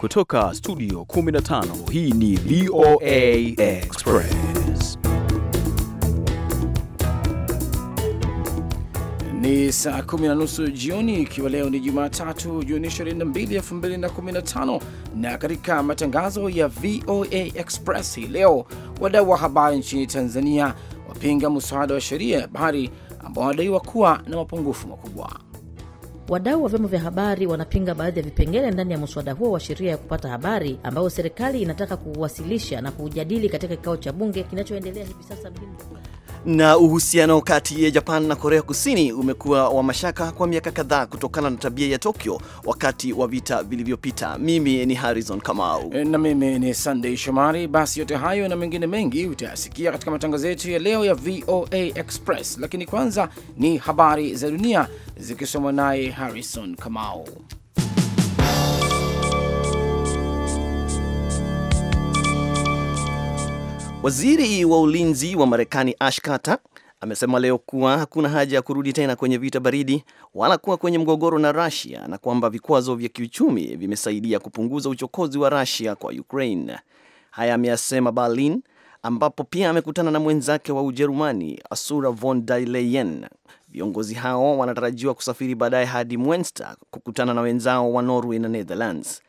Kutoka studio 15 hii ni VOA Express. Ni saa kumi na nusu jioni, ikiwa leo ni Jumatatu Juni 22, 2015. Na katika matangazo ya VOA Express hii leo, wadau wa habari nchini Tanzania wapinga mswada wa sheria ya habari ambao wanadaiwa kuwa na mapungufu makubwa Wadau wa vyombo vya habari wanapinga baadhi ya vipengele ndani ya mswada huo wa sheria ya kupata habari ambayo serikali inataka kuwasilisha na kujadili katika kikao cha bunge kinachoendelea hivi sasa mjini na uhusiano kati ya Japan na Korea Kusini umekuwa wa mashaka kwa miaka kadhaa kutokana na tabia ya Tokyo wakati wa vita vilivyopita. Mimi ni Harrison Kamau e, na mimi ni Sunday Shomari. Basi yote hayo na mengine mengi utayasikia katika matangazo yetu ya leo ya VOA Express, lakini kwanza ni habari za dunia zikisomwa naye Harrison Kamau. Waziri wa ulinzi wa Marekani Ash Carter amesema leo kuwa hakuna haja ya kurudi tena kwenye vita baridi wala kuwa kwenye mgogoro na Russia na kwamba vikwazo vya kiuchumi vimesaidia kupunguza uchokozi wa Russia kwa Ukraine. Haya ameyasema Berlin ambapo pia amekutana na mwenzake wa Ujerumani Ursula von der Leyen. Viongozi hao wanatarajiwa kusafiri baadaye hadi Mwenster kukutana na wenzao wa Norway na Netherlands.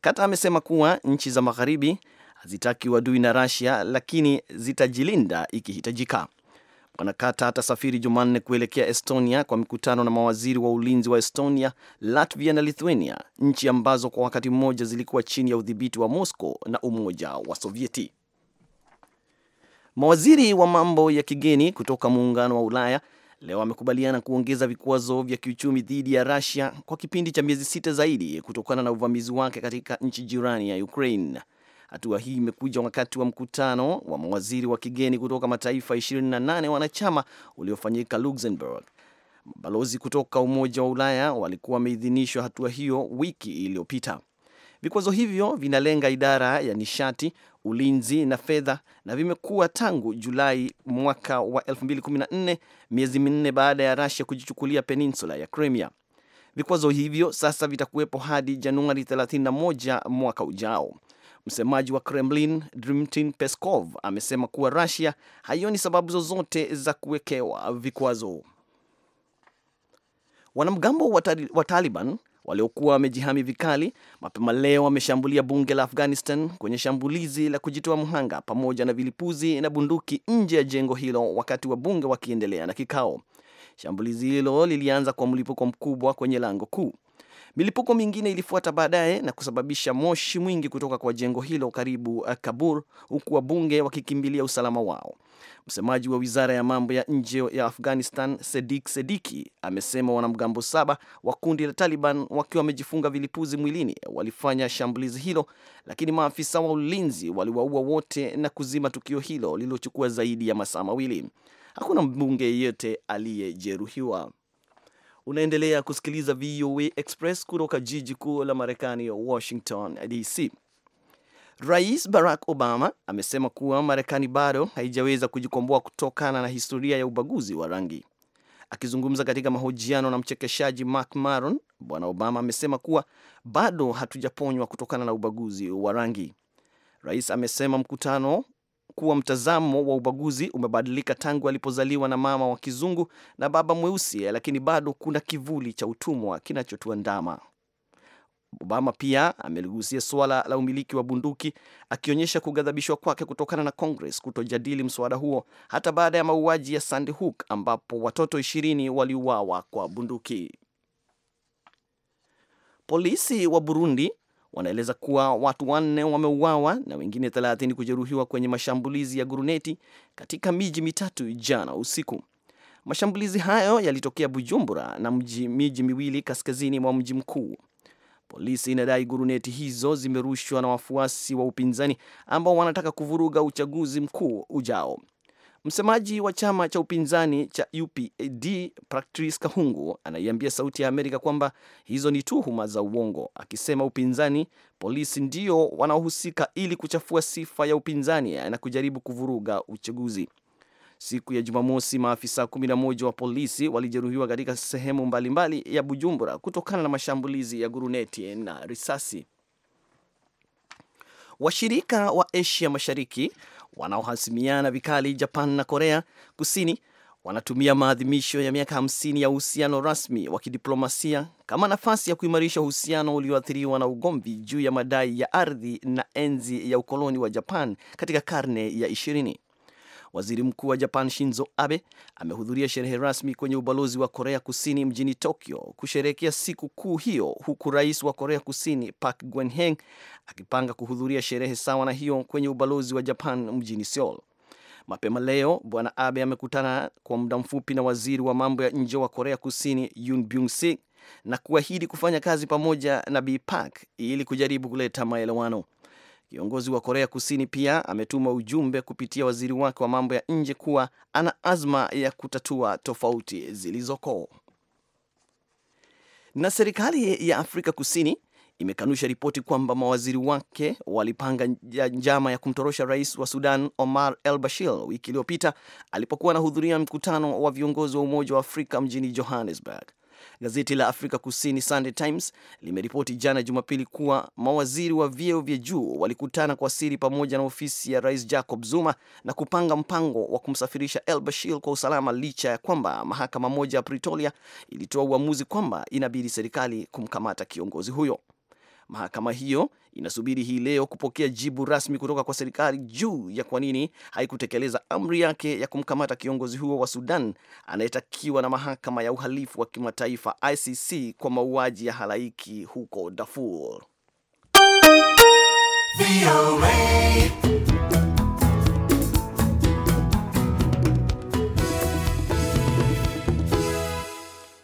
Kata amesema kuwa nchi za magharibi hazitaki uadui na Russia, lakini zitajilinda ikihitajika. Bwana Carter atasafiri Jumanne kuelekea Estonia kwa mikutano na mawaziri wa ulinzi wa Estonia, Latvia na Lithuania, nchi ambazo kwa wakati mmoja zilikuwa chini ya udhibiti wa Moscow na Umoja wa Sovieti. Mawaziri wa mambo ya kigeni kutoka Muungano wa Ulaya leo wamekubaliana kuongeza vikwazo vya kiuchumi dhidi ya Russia kwa kipindi cha miezi sita zaidi kutokana na uvamizi wake katika nchi jirani ya Ukraine. Hatua hii imekuja wakati wa mkutano wa mawaziri wa kigeni kutoka mataifa 28 wanachama uliofanyika Luxembourg. Mabalozi kutoka Umoja wa Ulaya walikuwa wameidhinishwa hatua hiyo wiki iliyopita. Vikwazo hivyo vinalenga idara ya nishati, ulinzi na fedha na vimekuwa tangu Julai mwaka wa 2014, miezi minne baada ya Russia kujichukulia peninsula ya Crimea. Vikwazo hivyo sasa vitakuwepo hadi Januari 31 mwaka ujao. Msemaji wa Kremlin Dmitry Peskov amesema kuwa Russia haioni sababu zozote za kuwekewa vikwazo. Wanamgambo wa Taliban waliokuwa wamejihami vikali mapema leo wameshambulia bunge la Afghanistan kwenye shambulizi la kujitoa mhanga pamoja na vilipuzi na bunduki nje ya jengo hilo, wakati wa bunge wakiendelea na kikao. Shambulizi hilo lilianza kwa mlipuko mkubwa kwenye lango kuu. Milipuko mingine ilifuata baadaye na kusababisha moshi mwingi kutoka kwa jengo hilo karibu eh, Kabul, huku wabunge wakikimbilia usalama wao. Msemaji wa wizara ya mambo ya nje ya Afghanistan, Sedik Sediki, amesema wanamgambo saba wa kundi la Taliban wakiwa wamejifunga vilipuzi mwilini walifanya shambulizi hilo, lakini maafisa wa ulinzi waliwaua wote na kuzima tukio hilo lililochukua zaidi ya masaa mawili. Hakuna mbunge yeyote aliyejeruhiwa. Unaendelea kusikiliza VOA Express kutoka jiji kuu la Marekani, Washington DC. Rais Barack Obama amesema kuwa Marekani bado haijaweza kujikomboa kutokana na historia ya ubaguzi wa rangi. Akizungumza katika mahojiano na mchekeshaji Mark Maron, Bwana Obama amesema kuwa bado hatujaponywa kutokana na ubaguzi wa rangi. Rais amesema mkutano kuwa mtazamo wa ubaguzi umebadilika tangu alipozaliwa na mama wa kizungu na baba mweusi, lakini bado kuna kivuli cha utumwa kinachotuandama. Obama pia ameligusia suala la umiliki wa bunduki akionyesha kughadhabishwa kwake kutokana na Congress kutojadili mswada huo hata baada ya mauaji ya Sandy Hook ambapo watoto ishirini waliuawa kwa bunduki. Polisi wa Burundi wanaeleza kuwa watu wanne wameuawa na wengine 30 kujeruhiwa kwenye mashambulizi ya guruneti katika miji mitatu jana usiku. Mashambulizi hayo yalitokea Bujumbura na mji, miji miwili kaskazini mwa mji mkuu. Polisi inadai guruneti hizo zimerushwa na wafuasi wa upinzani ambao wanataka kuvuruga uchaguzi mkuu ujao. Msemaji wa chama cha upinzani cha UPD Patrice Kahungu anaiambia Sauti ya Amerika kwamba hizo ni tuhuma za uongo, akisema upinzani polisi ndio wanaohusika ili kuchafua sifa ya upinzani na kujaribu kuvuruga uchaguzi. Siku ya Jumamosi, maafisa 11 wa polisi walijeruhiwa katika sehemu mbalimbali mbali ya Bujumbura kutokana na mashambulizi ya guruneti na risasi. Washirika wa Asia Mashariki wanaohasimiana vikali Japan na Korea Kusini wanatumia maadhimisho ya miaka 50 ya uhusiano rasmi wa kidiplomasia kama nafasi ya kuimarisha uhusiano ulioathiriwa na ugomvi juu ya madai ya ardhi na enzi ya ukoloni wa Japan katika karne ya 2shirini Waziri Mkuu wa Japan Shinzo Abe amehudhuria sherehe rasmi kwenye ubalozi wa Korea Kusini mjini Tokyo kusherehekea siku kuu hiyo, huku rais wa Korea Kusini Park Geun-hye akipanga kuhudhuria sherehe sawa na hiyo kwenye ubalozi wa Japan mjini Seoul. Mapema leo Bwana Abe amekutana kwa muda mfupi na waziri wa mambo ya nje wa Korea Kusini Yoon Byung-sik na kuahidi kufanya kazi pamoja na Bi Park ili kujaribu kuleta maelewano. Kiongozi wa Korea Kusini pia ametuma ujumbe kupitia waziri wake wa mambo ya nje kuwa ana azma ya kutatua tofauti zilizoko. Na serikali ya Afrika Kusini imekanusha ripoti kwamba mawaziri wake walipanga njama ya kumtorosha rais wa Sudan Omar El Bashir wiki iliyopita alipokuwa anahudhuria mkutano wa viongozi wa Umoja wa Afrika mjini Johannesburg. Gazeti la Afrika Kusini Sunday Times limeripoti jana Jumapili kuwa mawaziri wa vyeo vya juu walikutana kwa siri pamoja na ofisi ya Rais Jacob Zuma na kupanga mpango wa kumsafirisha El Bashir kwa usalama licha ya kwamba mahakama moja ya Pretoria ilitoa uamuzi kwamba inabidi serikali kumkamata kiongozi huyo. Mahakama hiyo inasubiri hii leo kupokea jibu rasmi kutoka kwa serikali juu ya kwa nini haikutekeleza amri yake ya kumkamata kiongozi huo wa Sudan anayetakiwa na mahakama ya uhalifu wa kimataifa ICC kwa mauaji ya halaiki huko Darfur.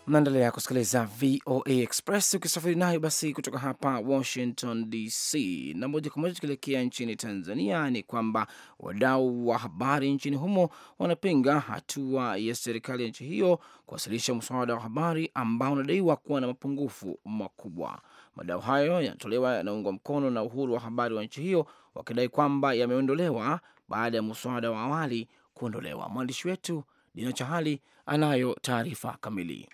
Unaendelea kusikiliza VOA Express ukisafiri nayo basi kutoka hapa Washington DC, na moja kwa moja tukielekea nchini Tanzania ni kwamba wadau wa habari nchini humo wanapinga hatua ya serikali ya nchi hiyo kuwasilisha mswada wa habari ambao unadaiwa kuwa na mapungufu makubwa. Madau hayo yanatolewa yanaungwa mkono na uhuru wa habari wa nchi hiyo, wakidai kwamba yameondolewa baada ya mswada wa awali kuondolewa. Mwandishi wetu Dina Chahali anayo taarifa kamili.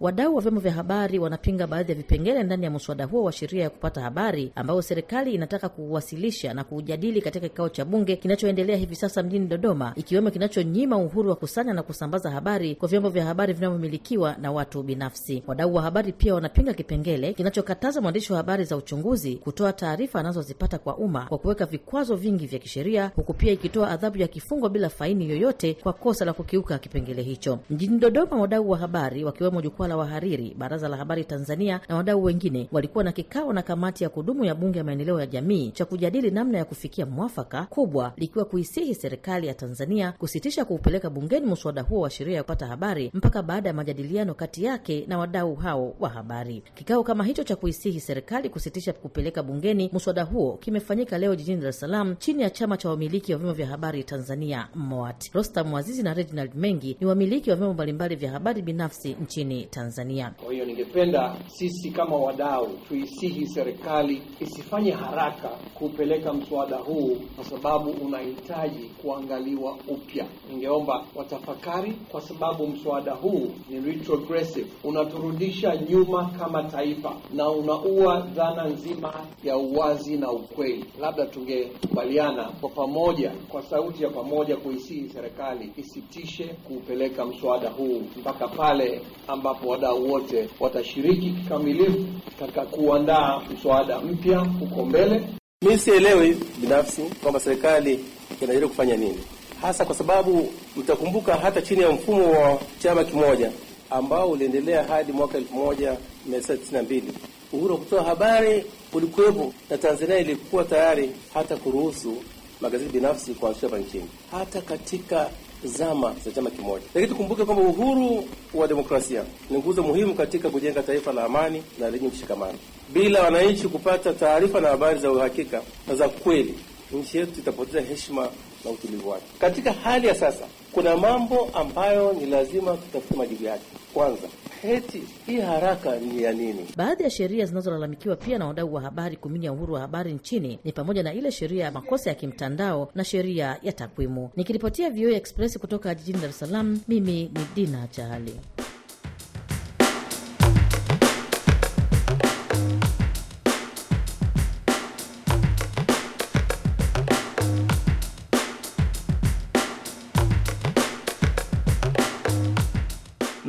Wadau wa vyombo vya habari wanapinga baadhi ya vipengele ndani ya mswada huo wa sheria ya kupata habari ambayo serikali inataka kuwasilisha na kuujadili katika kikao cha bunge kinachoendelea hivi sasa mjini Dodoma, ikiwemo kinachonyima uhuru wa kusanya na kusambaza habari kwa vyombo vya habari vinavyomilikiwa na watu binafsi. Wadau wa habari pia wanapinga kipengele kinachokataza mwandishi wa habari za uchunguzi kutoa taarifa anazozipata kwa umma kwa kuweka vikwazo vingi vya kisheria, huku pia ikitoa adhabu ya kifungo bila faini yoyote kwa kosa la kukiuka kipengele hicho. Mjini Dodoma, wadau wa habari wakiwemo jukwaa la wahariri, baraza la habari Tanzania na wadau wengine walikuwa na kikao na kamati ya kudumu ya bunge ya maendeleo ya jamii cha kujadili namna ya kufikia mwafaka, kubwa likiwa kuisihi serikali ya Tanzania kusitisha kuupeleka bungeni mswada huo wa sheria ya kupata habari mpaka baada ya majadiliano kati yake na wadau hao wa habari. Kikao kama hicho cha kuisihi serikali kusitisha kupeleka bungeni mswada huo kimefanyika leo jijini Dar es Salaam chini ya chama cha wamiliki wa vyombo vya habari Tanzania MOAT. Rostam Mwazizi na Reginald Mengi ni wamiliki wa vyombo mbalimbali vya habari binafsi nchini Tanzania. Tanzania. Kwa hiyo ningependa sisi kama wadau tuisihi serikali isifanye haraka kupeleka mswada huu, kwa sababu unahitaji kuangaliwa upya. Ningeomba watafakari, kwa sababu mswada huu ni retrogressive, unaturudisha nyuma kama taifa na unaua dhana nzima ya uwazi na ukweli. Labda tungekubaliana kwa pamoja, kwa sauti ya pamoja, kuisihi serikali isitishe kuupeleka mswada huu mpaka pale ambapo wadau wote watashiriki kikamilifu katika kuandaa mswada mpya huko mbele. Mi sielewi binafsi kwamba serikali inajaribu kufanya nini hasa, kwa sababu mtakumbuka hata chini ya mfumo wa chama kimoja ambao uliendelea hadi mwaka elfu moja mia tisa tisini na mbili uhuru wa kutoa habari ulikuwepo, na Tanzania ilikuwa tayari hata kuruhusu magazeti binafsi kuanzishwa hapa nchini. Hata katika zama za chama kimoja. Lakini tukumbuke kwamba uhuru wa demokrasia ni nguzo muhimu katika kujenga taifa la amani na lenye mshikamano. Bila wananchi kupata taarifa na habari za uhakika na za kweli, nchi yetu itapoteza heshima na utulivu wake. Katika hali ya sasa, kuna mambo ambayo ni lazima tutafute majibu yake. Kwanza, heti hii haraka ni ya nini? Baadhi ya sheria zinazolalamikiwa pia na wadau wa habari kuminya uhuru wa habari nchini ni pamoja na ile sheria ya makosa ya kimtandao na sheria ya takwimu. Nikiripotia VOA Express kutoka jijini Dar es Salaam, mimi ni Dina Chahali.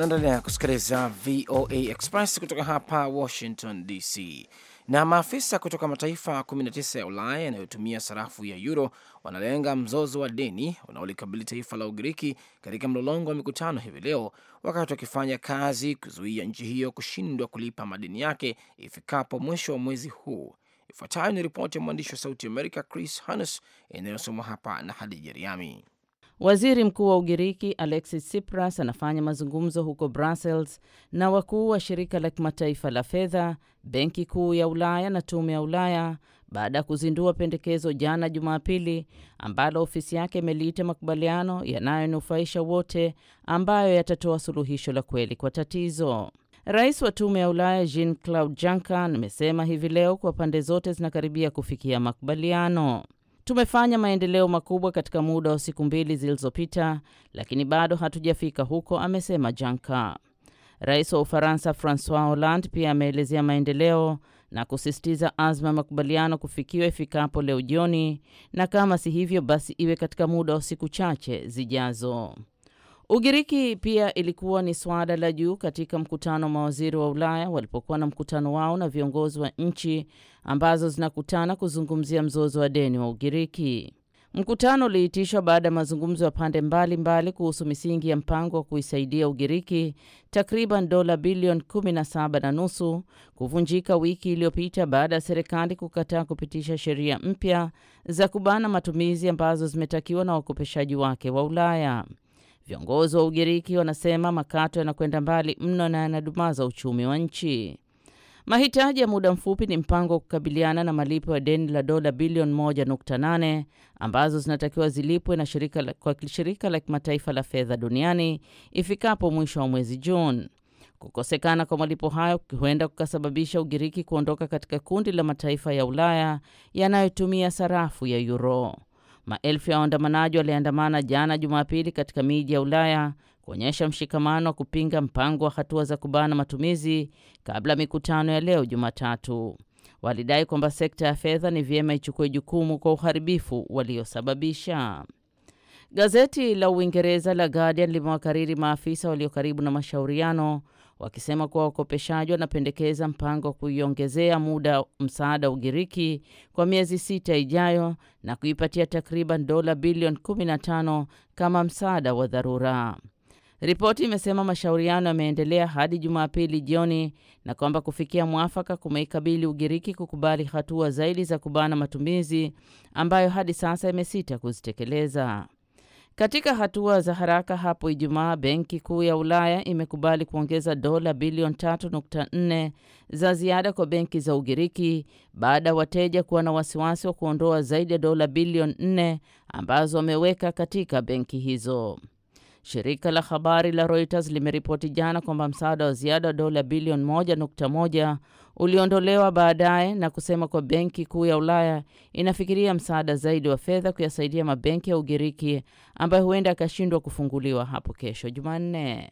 Naendelea kusikiliza VOA Express kutoka hapa Washington DC. Na maafisa kutoka mataifa 19 ya Ulaya yanayotumia sarafu ya euro wanalenga mzozo wa deni unaolikabili taifa la Ugiriki katika mlolongo wa mikutano hivi leo, wakati wakifanya kazi kuzuia nchi hiyo kushindwa kulipa madeni yake ifikapo mwisho wa mwezi huu. Ifuatayo ni ripoti ya mwandishi wa Sauti Amerika Chris Hannes inayosomwa hapa na Hadija Riami. Waziri Mkuu wa Ugiriki Alexis Tsipras anafanya mazungumzo huko Brussels na wakuu wa shirika la kimataifa la fedha, benki kuu ya Ulaya na tume ya Ulaya baada ya kuzindua pendekezo jana Jumapili ambalo ofisi yake imeliita makubaliano yanayonufaisha wote ambayo yatatoa suluhisho la kweli kwa tatizo. Rais wa tume ya Ulaya Jean Claude Juncker amesema hivi leo kuwa pande zote zinakaribia kufikia makubaliano. Tumefanya maendeleo makubwa katika muda wa siku mbili zilizopita, lakini bado hatujafika huko, amesema janka Rais wa Ufaransa Francois Hollande pia ameelezea maendeleo na kusisitiza azma ya makubaliano kufikiwa ifikapo leo jioni, na kama si hivyo basi iwe katika muda wa siku chache zijazo. Ugiriki pia ilikuwa ni suala la juu katika mkutano wa mawaziri wa Ulaya walipokuwa na mkutano wao na viongozi wa nchi ambazo zinakutana kuzungumzia mzozo wa deni wa Ugiriki. Mkutano uliitishwa baada ya mazungumzo ya pande mbalimbali mbali kuhusu misingi ya mpango wa kuisaidia Ugiriki takriban dola bilioni kumi na saba na nusu kuvunjika wiki iliyopita baada ya serikali kukataa kupitisha sheria mpya za kubana matumizi ambazo zimetakiwa na wakopeshaji wake wa Ulaya. Viongozi wa Ugiriki wanasema makato yanakwenda mbali mno na yanadumaza uchumi wa nchi. Mahitaji ya muda mfupi ni mpango wa kukabiliana na malipo ya deni la dola bilioni 1.8 ambazo zinatakiwa zilipwe na shirika la, kwa shirika la kimataifa la fedha duniani ifikapo mwisho wa mwezi Juni. Kukosekana kwa malipo hayo huenda kukasababisha Ugiriki kuondoka katika kundi la mataifa ya Ulaya yanayotumia sarafu ya euro. Maelfu ya waandamanaji waliandamana jana Jumapili katika miji ya Ulaya kuonyesha mshikamano wa kupinga mpango wa hatua za kubana matumizi kabla mikutano ya leo Jumatatu. Walidai kwamba sekta ya fedha ni vyema ichukue jukumu kwa uharibifu waliosababisha. Gazeti la Uingereza la Guardian limewakariri maafisa walio karibu na mashauriano wakisema kuwa wakopeshaji wanapendekeza mpango wa kuiongezea muda msaada Ugiriki kwa miezi sita ijayo na kuipatia takriban dola bilioni 15 kama msaada wa dharura. Ripoti imesema mashauriano yameendelea hadi Jumapili jioni na kwamba kufikia mwafaka kumeikabili Ugiriki kukubali hatua zaidi za kubana matumizi ambayo hadi sasa imesita kuzitekeleza. Katika hatua za haraka hapo Ijumaa, benki kuu ya Ulaya imekubali kuongeza dola bilioni 3.4 za ziada kwa benki za Ugiriki baada ya wateja kuwa na wasiwasi wa kuondoa zaidi ya dola bilioni 4 ambazo wameweka katika benki hizo. Shirika la habari la Reuters limeripoti jana kwamba msaada wa ziada wa dola bilioni 1.1 uliondolewa baadaye na kusema kwa benki kuu ya Ulaya inafikiria msaada zaidi wa fedha kuyasaidia mabenki ya Ugiriki ambayo huenda akashindwa kufunguliwa hapo kesho Jumanne.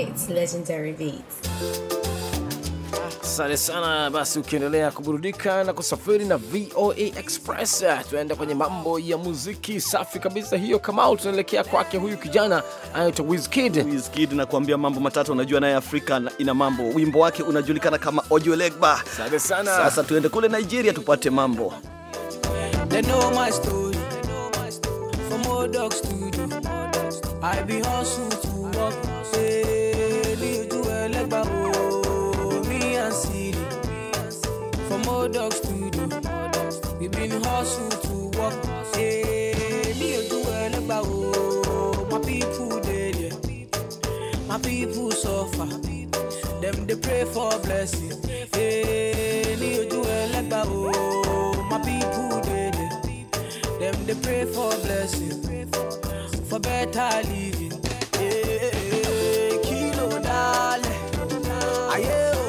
its legendary beats. Asante sana. Basi ukiendelea kuburudika na kusafiri na VOA Express, eh, tunaenda kwenye mambo ya muziki safi kabisa hiyo. Kamau, tunaelekea kwake huyu kijana anaitwa Wizkid. Wizkid nakuambia mambo matatu, unajua naye Afrika ina mambo. Wimbo wake unajulikana kama Ojuelegba. Asante sana. Sasa tuende kule Nigeria tupate mambo They know my story. They know my story. From old dogs to I be hustle to old dog studio. We been hustle to work. Hey, eh, me a do well about My people dead, My people suffer. Them they pray for blessing. Hey, eh, me a do well about My people dead, Them they pray for blessing. For better living. Hey, eh, kilo dale. Aye, oh.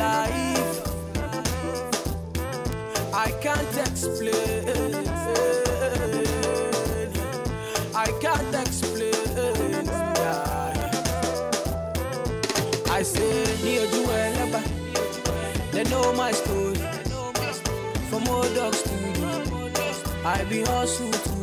life. I can't explain. I can't explain. I say, near you wherever. They know my story. From old dogs to you. I be hustled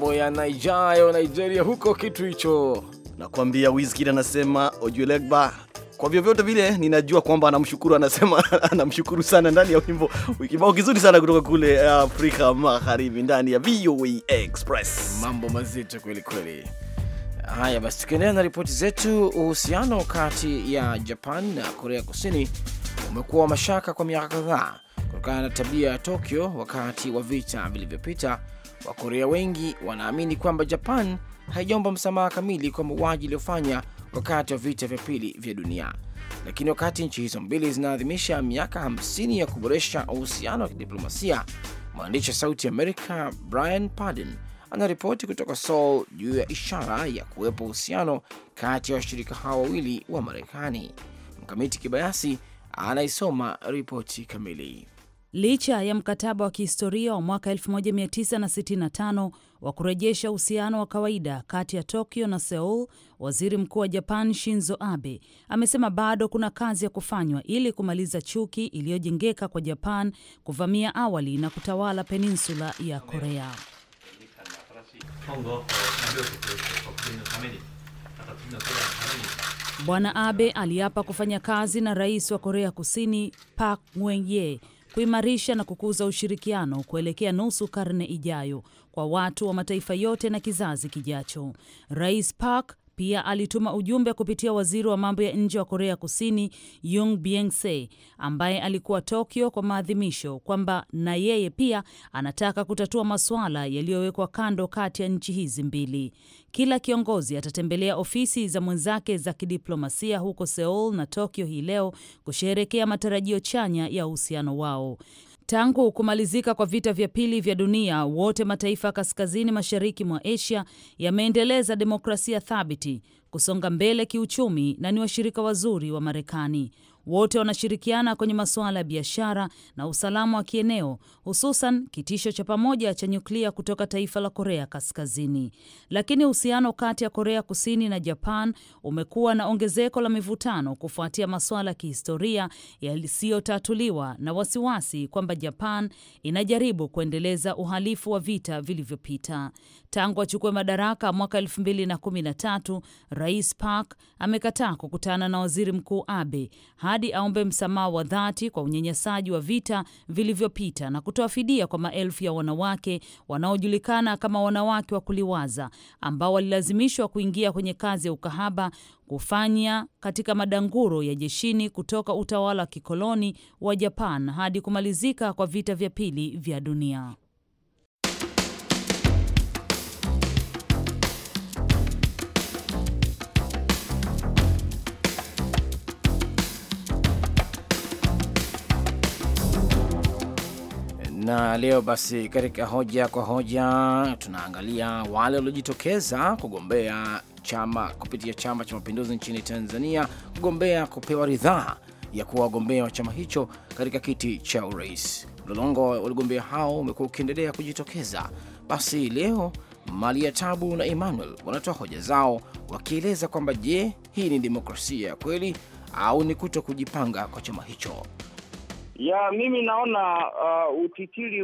mambo ya Nigeria, Nigeria huko kitu hicho. Nakwambia Wizkid anasema Ojulegba kwa vyovyote vile ninajua kwamba anamshukuru, anasema anamshukuru sana ndani ya wimbo. Kibao kizuri sana kutoka kule eh, Afrika Magharibi ndani ya VOA Express. Mambo mazito kweli kweli. Haya basi, tukiendelea na ripoti zetu, uhusiano kati ya Japan na Korea Kusini umekuwa mashaka kwa miaka kadhaa kutokana na tabia ya Tokyo wakati wa vita vilivyopita Wakorea wengi wanaamini kwamba Japan haijaomba msamaha kamili kwa mauaji iliyofanya wakati wa vita vya pili vya dunia. Lakini wakati nchi hizo mbili zinaadhimisha miaka 50 ya kuboresha uhusiano wa kidiplomasia, mwandishi wa Sauti Amerika Brian Padden anaripoti kutoka Seoul juu ya ishara ya kuwepo uhusiano kati ya washirika hao wawili wa Marekani. Mkamiti Kibayasi anaisoma ripoti kamili. Licha ya mkataba wa kihistoria wa mwaka 1965 wa kurejesha uhusiano wa kawaida kati ya Tokyo na Seoul, waziri mkuu wa Japan Shinzo Abe amesema bado kuna kazi ya kufanywa ili kumaliza chuki iliyojengeka kwa Japan kuvamia awali na kutawala peninsula ya Korea. Bwana Abe aliapa kufanya kazi na rais wa Korea Kusini Park Geun-hye kuimarisha na kukuza ushirikiano kuelekea nusu karne ijayo kwa watu wa mataifa yote na kizazi kijacho. Rais Park pia alituma ujumbe kupitia waziri wa mambo ya nje wa Korea Kusini Yung Bieng-se ambaye alikuwa Tokyo kwa maadhimisho kwamba na yeye pia anataka kutatua masuala yaliyowekwa kando kati ya nchi hizi mbili. Kila kiongozi atatembelea ofisi za mwenzake za kidiplomasia huko Seoul na Tokyo hii leo kusheherekea matarajio chanya ya uhusiano wao. Tangu kumalizika kwa vita vya pili vya dunia, wote mataifa ya kaskazini mashariki mwa Asia yameendeleza demokrasia thabiti, kusonga mbele kiuchumi na ni washirika wazuri wa Marekani. Wote wanashirikiana kwenye masuala ya biashara na usalama wa kieneo, hususan kitisho cha pamoja cha nyuklia kutoka taifa la Korea Kaskazini. Lakini uhusiano kati ya Korea Kusini na Japan umekuwa na ongezeko la mivutano kufuatia masuala ya kihistoria yasiyotatuliwa na wasiwasi kwamba Japan inajaribu kuendeleza uhalifu wa vita vilivyopita. Tangu achukue madaraka mwaka 2013 Rais Park amekataa kukutana na Waziri Mkuu Abe hadi aombe msamaha wa dhati kwa unyanyasaji wa vita vilivyopita na kutoa fidia kwa maelfu ya wanawake wanaojulikana kama wanawake wa kuliwaza ambao walilazimishwa kuingia kwenye kazi ya ukahaba kufanya katika madanguro ya jeshini kutoka utawala wa kikoloni wa Japan hadi kumalizika kwa vita vya pili vya dunia. na leo basi, katika hoja kwa hoja tunaangalia wale waliojitokeza kugombea chama kupitia Chama cha Mapinduzi nchini Tanzania, kugombea kupewa ridhaa ya kuwa wagombea wa chama hicho katika kiti cha urais. Mlolongo waligombea hao umekuwa ukiendelea kujitokeza. Basi leo ya Tabu na Emmanuel wanatoa hoja zao wakieleza kwamba je, hii ni demokrasia ya kweli au ni kuto kujipanga kwa chama hicho? ya mimi naona uh, utitiri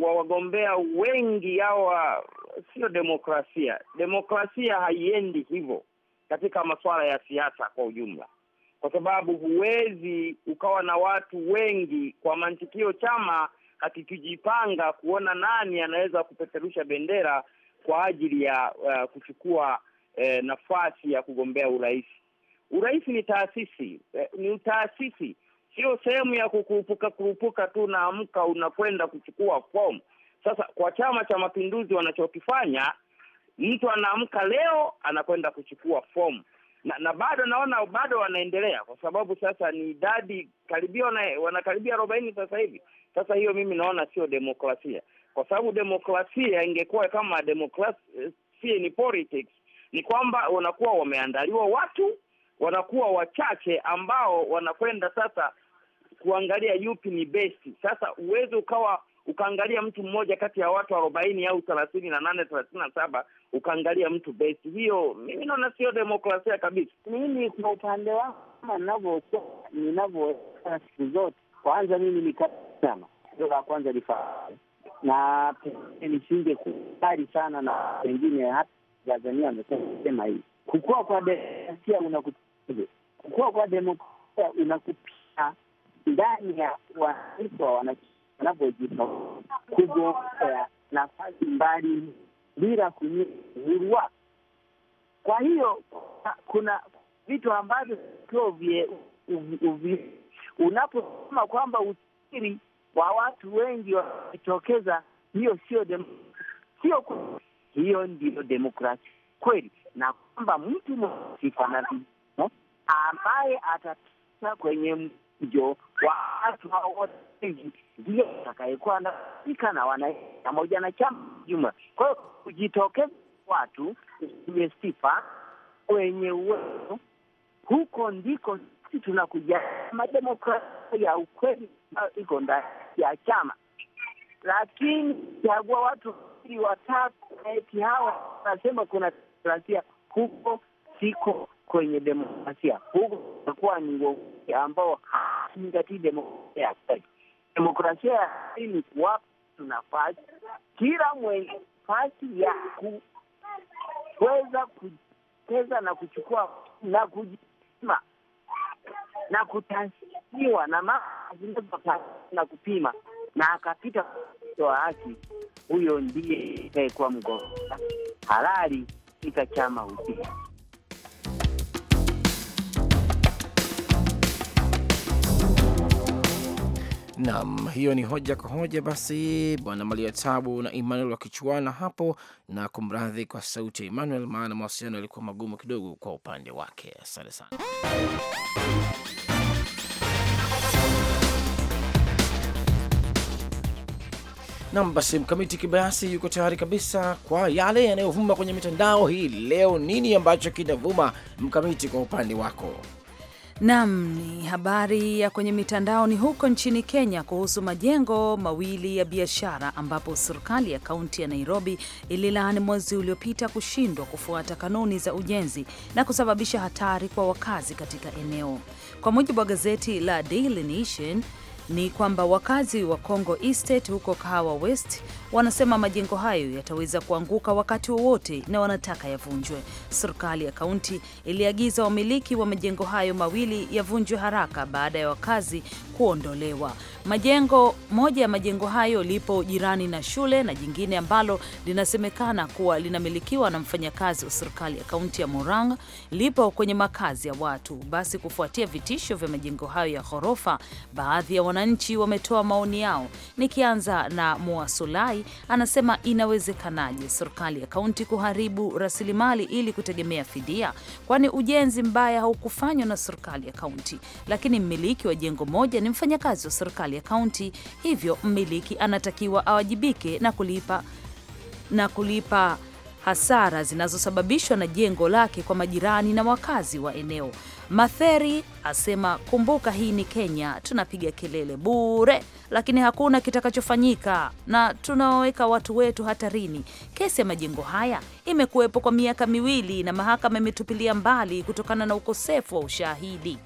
wa wagombea wengi hawa uh, sio demokrasia. Demokrasia haiendi hivyo katika masuala ya siasa kwa ujumla, kwa sababu huwezi ukawa na watu wengi. Kwa mantikio, chama akikijipanga kuona nani anaweza kupeperusha bendera kwa ajili ya uh, kuchukua uh, nafasi ya kugombea urais. Urais ni taasisi uh, ni taasisi sio sehemu ya kukurupuka kurupuka tu, naamka unakwenda kuchukua fomu. Sasa kwa Chama cha Mapinduzi wanachokifanya, mtu anaamka leo anakwenda kuchukua fomu na, na bado naona bado wanaendelea kwa sababu sasa ni idadi karibia wanakaribia arobaini sasa hivi. Sasa hiyo mimi naona sio demokrasia, kwa sababu demokrasia ingekuwa kama demokrasia ni politics, ni kwamba wanakuwa wameandaliwa watu wanakuwa wachache ambao wanakwenda sasa kuangalia yupi ni besti. Sasa uwezi ukawa ukaangalia mtu mmoja kati ya watu arobaini au thelathini na nane thelathini na saba ukaangalia mtu besti, hiyo mimi naona sio demokrasia kabisa. Mimi kwa upande wangu kama ninavyokuwa ninavyoona siku zote, kwanza mimi ni chama ndio la kwanza lifahamu, na pengine kubali sana, na pengine hata Tanzania amesema hii kukua kwa demokrasia unakupiga, kukua kwa demokrasia unakupia ndani ya wanaitwa wanavyojia kugombea nafasi mbali bila kunyia uhuru Kwa hiyo kuna vitu ambavyo unaposema kwamba usiri wa watu wengi wakitokeza, hiyo sio sio, hiyo ndiyo demokrasi kweli, na kwamba mtu msifa na ambaye atatoka kwenye mjo watu hao wote hivi ndio watakayekuwa naika na wana pamoja na chama juma. Kwa hiyo kujitokeza watu wenye sifa, wenye uwezo, huko ndiko sisi tunakuja mademokrasia ya ukweli ambayo iko ndani ya chama, lakini chagua watu ili watatu eti hawa wanasema kuna demokrasia, huko siko kwenye demokrasia. Huku utakuwa ni wauzi ambao hazingatii demokrasia ya kweli. Demokrasia ya kweli ni kuwapa nafasi kila mwenye nafasi ya kuweza kujiteza na kuchukua na kujipima na kutasiwa na mama zinazopata na kupima na akapita kutoa haki, huyo ndiye kwa mgoa halali katika chama husika. Naam, hiyo ni hoja kwa hoja. Basi bwana Malia Tabu na Emmanuel wakichuana hapo, na kumradhi kwa sauti ya Emmanuel, maana mawasiliano yalikuwa magumu kidogo kwa upande wake. Asante sana. Nam, basi mkamiti kibayasi yuko tayari kabisa kwa yale yanayovuma kwenye mitandao hii leo. Nini ambacho kinavuma mkamiti kwa upande wako? Nam, ni habari ya kwenye mitandao. Ni huko nchini Kenya kuhusu majengo mawili ya biashara ambapo serikali ya kaunti ya Nairobi ililaani mwezi uliopita kushindwa kufuata kanuni za ujenzi na kusababisha hatari kwa wakazi katika eneo. Kwa mujibu wa gazeti la Daily Nation, ni kwamba wakazi wa Congo Estate huko Kahawa West wanasema majengo hayo yataweza kuanguka wakati wowote na wanataka yavunjwe. Serikali ya kaunti iliagiza wamiliki wa majengo hayo mawili yavunjwe haraka baada ya wakazi kuondolewa. Majengo moja ya majengo hayo lipo jirani na shule na jingine ambalo linasemekana kuwa linamilikiwa na mfanyakazi wa serikali ya kaunti ya Murang'a lipo kwenye makazi ya watu. Basi kufuatia vitisho vya majengo hayo ya ghorofa, baadhi ya wananchi wametoa maoni yao. Nikianza na Muasulai, anasema inawezekanaje serikali ya kaunti kuharibu rasilimali ili kutegemea fidia? Kwani ujenzi mbaya haukufanywa na serikali ya kaunti, lakini mmiliki wa jengo moja ni mfanyakazi wa serikali ya kaunti, hivyo mmiliki anatakiwa awajibike na kulipa, na kulipa hasara zinazosababishwa na jengo lake kwa majirani na wakazi wa eneo. Matheri asema kumbuka, hii ni Kenya, tunapiga kelele bure, lakini hakuna kitakachofanyika na tunawaweka watu wetu hatarini. Kesi ya majengo haya imekuwepo kwa miaka miwili na mahakama imetupilia mbali kutokana na ukosefu wa ushahidi.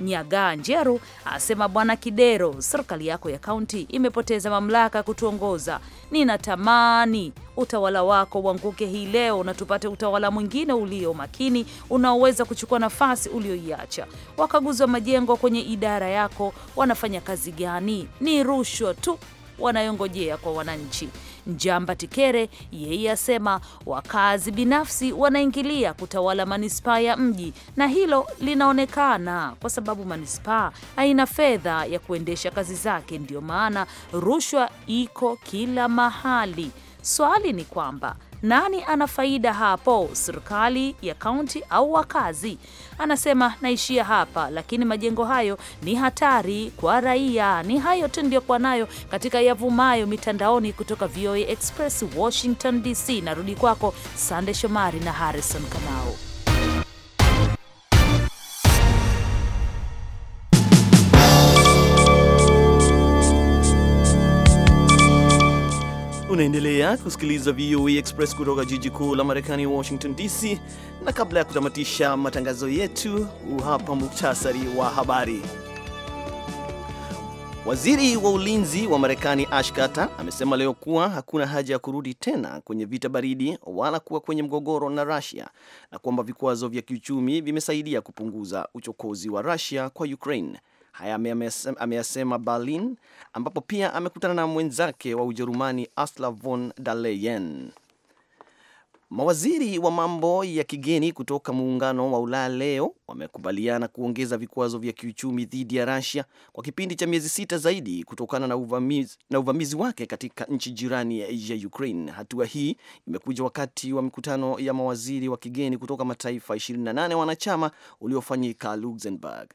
Nyagaa Njeru asema, Bwana Kidero, serikali yako ya kaunti imepoteza mamlaka ya kutuongoza. Ninatamani utawala wako uanguke hii leo na tupate utawala mwingine ulio makini unaoweza kuchukua nafasi ulioiacha. Wakaguzi wa majengo kwenye idara yako wanafanya kazi gani? Ni rushwa tu wanayongojea kwa wananchi. Njamba Tikere yeye asema wakazi binafsi wanaingilia kutawala manispaa ya mji, na hilo linaonekana kwa sababu manispaa haina fedha ya kuendesha kazi zake, ndiyo maana rushwa iko kila mahali. Swali ni kwamba nani ana faida hapo, serikali ya kaunti au wakazi? Anasema naishia hapa, lakini majengo hayo ni hatari kwa raia. Ni hayo tu ndiyo kwa nayo katika yavumayo mitandaoni kutoka VOA Express Washington DC. Narudi kwako Sande Shomari na Harrison Kamau. Unaendelea kusikiliza VOA e Express kutoka jiji kuu la Marekani, Washington DC, na kabla ya kutamatisha matangazo yetu, uhapa muktasari wa habari. Waziri wa ulinzi wa Marekani Ash Carter amesema leo kuwa hakuna haja ya kurudi tena kwenye vita baridi wala kuwa kwenye mgogoro na Russia na kwamba vikwazo vya kiuchumi vimesaidia kupunguza uchokozi wa Russia kwa Ukraine. Haya ameyasema Berlin, ambapo pia amekutana na mwenzake wa Ujerumani Ursula von der Leyen. Mawaziri wa mambo ya kigeni kutoka muungano wa Ulaya leo wamekubaliana kuongeza vikwazo vya kiuchumi dhidi ya Russia kwa kipindi cha miezi sita zaidi kutokana na uvamizi, na uvamizi wake katika nchi jirani ya Ukraine. Hatua hii imekuja wakati wa mikutano ya mawaziri wa kigeni kutoka mataifa 28 wanachama uliofanyika Luxembourg.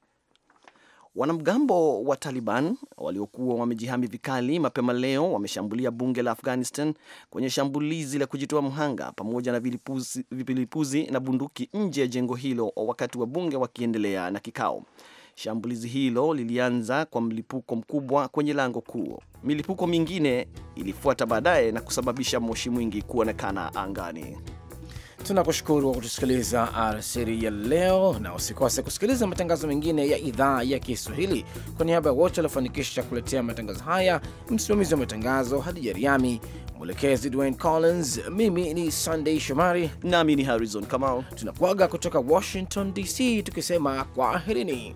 Wanamgambo wa Taliban waliokuwa wamejihami vikali mapema leo wameshambulia bunge la Afghanistan kwenye shambulizi la kujitoa mhanga pamoja na vilipuzi, na bunduki nje ya jengo hilo wakati wa bunge wakiendelea na kikao. Shambulizi hilo lilianza kwa mlipuko mkubwa kwenye lango kuu. Milipuko mingine ilifuata baadaye na kusababisha moshi mwingi kuonekana angani. Tunakushukuru kwa kutusikiliza alasiri ya leo, na usikose kusikiliza matangazo mengine ya idhaa ya Kiswahili. Kwa niaba ya wote waliofanikisha kuletea matangazo haya, msimamizi wa matangazo Hadija Riami, mwelekezi Dwayne Collins, mimi ni Sunday Shomari nami ni Harrison Kamau, tunakuaga kutoka Washington DC tukisema kwaherini.